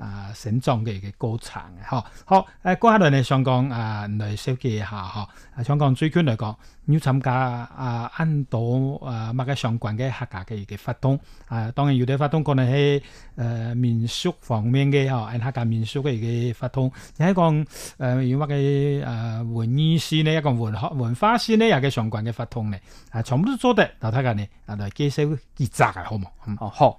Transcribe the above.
啊，省狀嘅嘅高層嘅嗬，好，誒，過下嚟呢，想講啊，嚟總結一下嗬，啊，想講最近嚟講，要參加啊，印度啊，乜嘅相關嘅客家嘅嘅活動，啊，當然有啲活動可能係誒、呃、民俗方面嘅嗬、啊，客家民俗嘅嘅活動，又係講誒，有乜嘅誒，文藝師咧，一個文學、文化師咧，又嘅相關嘅活動咧，啊，全部都做得到，嚟睇下啊，嚟幾時結集啊，好冇？哦，好。